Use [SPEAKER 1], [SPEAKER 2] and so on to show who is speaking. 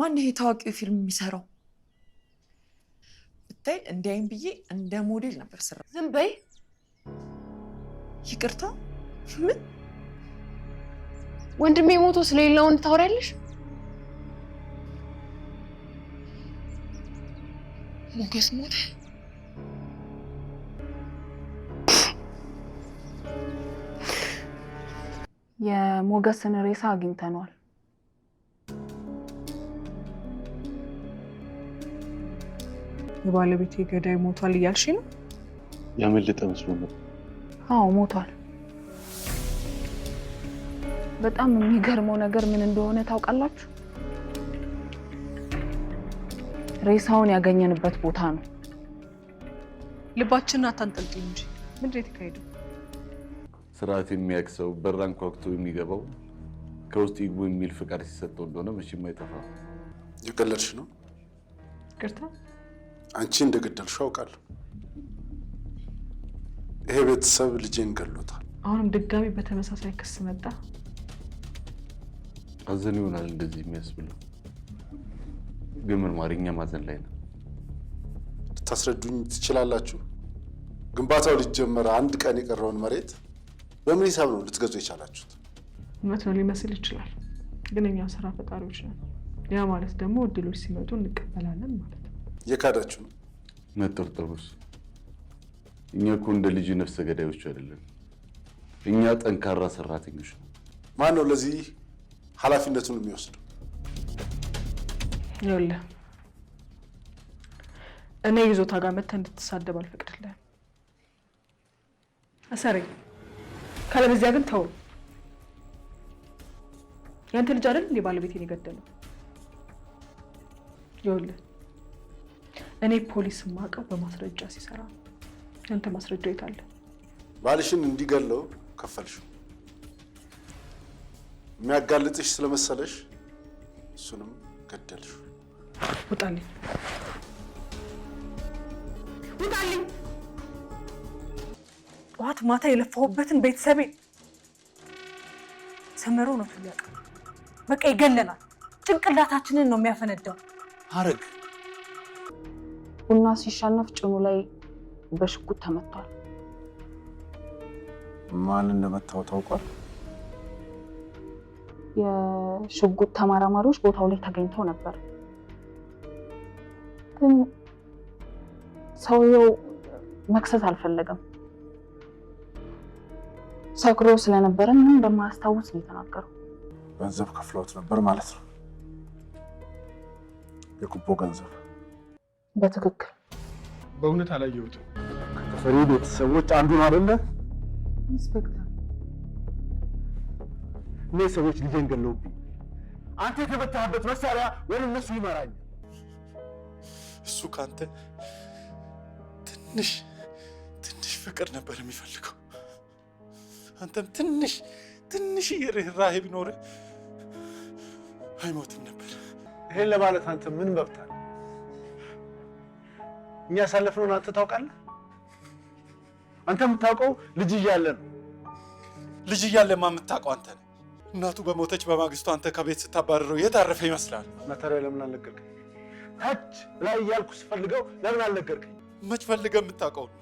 [SPEAKER 1] ማን ይሄ ታዋቂው ፊልም የሚሰራው ብታይ እንዲያይም ብዬ እንደ ሞዴል ነበር ስራ። ዝም በይ ይቅርታ። ምን
[SPEAKER 2] ወንድሜ ሞቶ ስለሌላውን ታወሪያለሽ?
[SPEAKER 1] ሞገስ ሞተ። የሞገስን ሬሳ አግኝተነዋል። የባለቤት ገዳይ ሞቷል እያልሽ ነው?
[SPEAKER 3] ያመለጠ መስሎ ነው።
[SPEAKER 1] አዎ ሞቷል። በጣም የሚገርመው ነገር ምን እንደሆነ ታውቃላችሁ? ሬሳውን ያገኘንበት ቦታ ነው። ልባችንን አታንጠልጥል እንጂ ምንድን የተካሄደው?
[SPEAKER 3] ስርዓት የሚያክሰው በራን አንኳኩቶ የሚገባው ከውስጥ ይግቡ የሚል ፍቃድ ሲሰጠው እንደሆነ መቼም አይጠፋም።
[SPEAKER 4] የቀለድሽ ነው። ቅርታ አንቺ እንደገደልሽው አውቃለሁ። ይሄ ቤተሰብ ልጄን ገሎታል።
[SPEAKER 1] አሁንም ድጋሚ በተመሳሳይ ክስ መጣ።
[SPEAKER 3] አዘን ይሆናል እንደዚህ የሚያስብለው ግን ምን እኛም ማዘን ላይ ነው።
[SPEAKER 4] ልታስረዱኝ ትችላላችሁ? ግንባታው ሊጀመር አንድ ቀን የቀረውን መሬት በምን ሂሳብ ነው ልትገዙ የቻላችሁት?
[SPEAKER 1] እውነት ነው ሊመስል ይችላል፣ ግን እኛ ስራ ፈጣሪዎች ነን። ያ ማለት ደግሞ እድሎች ሲመጡ እንቀበላለን ማለት ነው።
[SPEAKER 4] የካዳችሁ ነው።
[SPEAKER 3] መጠርጠሩስ እኛ እኮ እንደ ልጅ ነፍሰ ገዳዮች አይደለም። እኛ ጠንካራ ሰራተኞች ነው።
[SPEAKER 4] ማን ነው ለዚህ ኃላፊነቱን የሚወስደው?
[SPEAKER 1] ይኸውልህ እኔ ይዞታ ጋር መተህ እንድትሳደብ አልፈቅድልህም። እሰሬ ካለበዚያ ግን ተው። ያንተ ልጅ አይደል እንዴ ባለቤቴን የገደለው? ይኸውልህ እኔ ፖሊስ ማቀው በማስረጃ ሲሰራ ነው። ያንተ ማስረጃ አለ
[SPEAKER 4] ባልሽን እንዲገለው ከፈልሽው የሚያጋልጥሽ ስለመሰለሽ እሱንም ገደልሽ
[SPEAKER 1] ውጣልኝ! ውጣልኝ! ጠዋት ማታ የለፋሁበትን ቤተሰቤ ሰመሮ ነው ያቀ በቃ ይገለናል። ጭንቅላታችንን ነው የሚያፈነዳው። ሀረግ ቡና ሲሻነፍ ጭኑ ላይ በሽጉጥ ተመቷል።
[SPEAKER 3] ማን እንደመታው ታውቋል?
[SPEAKER 1] የሽጉጥ ተመራማሪዎች ቦታው ላይ ተገኝተው ነበር። ግን ሰውየው መክሰስ አልፈለገም። ሰክሮ ስለነበረ ምንም እንደማያስታውስ ነው የተናገረው።
[SPEAKER 3] ገንዘብ ከፍለውት ነበር ማለት ነው፣ የጉቦ ገንዘብ
[SPEAKER 1] በትክክል
[SPEAKER 5] በእውነት አላየሁትም።
[SPEAKER 6] ከፈሪ ቤተሰቦች አንዱን አይደለ? ኢንስፔክተር እኔ ሰዎች ልጄን ገለውብኝ። አንተ የተመታህበት መሳሪያ ወደ እነሱ ይመራኛል።
[SPEAKER 5] እሱ ከአንተ ትንሽ ትንሽ ፍቅር ነበር የሚፈልገው። አንተም ትንሽ ትንሽ ርኅራኄ ቢኖርህ አይሞትም ነበር።
[SPEAKER 6] ይሄን ለማለት አንተ ምን መብት አለ? እኛ ያሳለፍነውን አንተ ታውቃለህ። አንተ የምታውቀው ልጅ እያለ ነው።
[SPEAKER 5] ልጅ እያለማ የምታውቀው አንተ ነው። እናቱ በሞተች በማግስቱ አንተ ከቤት ስታባረረው የታረፈ ይመስላል።
[SPEAKER 6] መተሪያ ለምን አልነገርከኝ? ታች ላይ እያልኩ ስፈልገው ለምን አልነገርከኝ?
[SPEAKER 5] መች ፈልገህ የምታውቀው ነው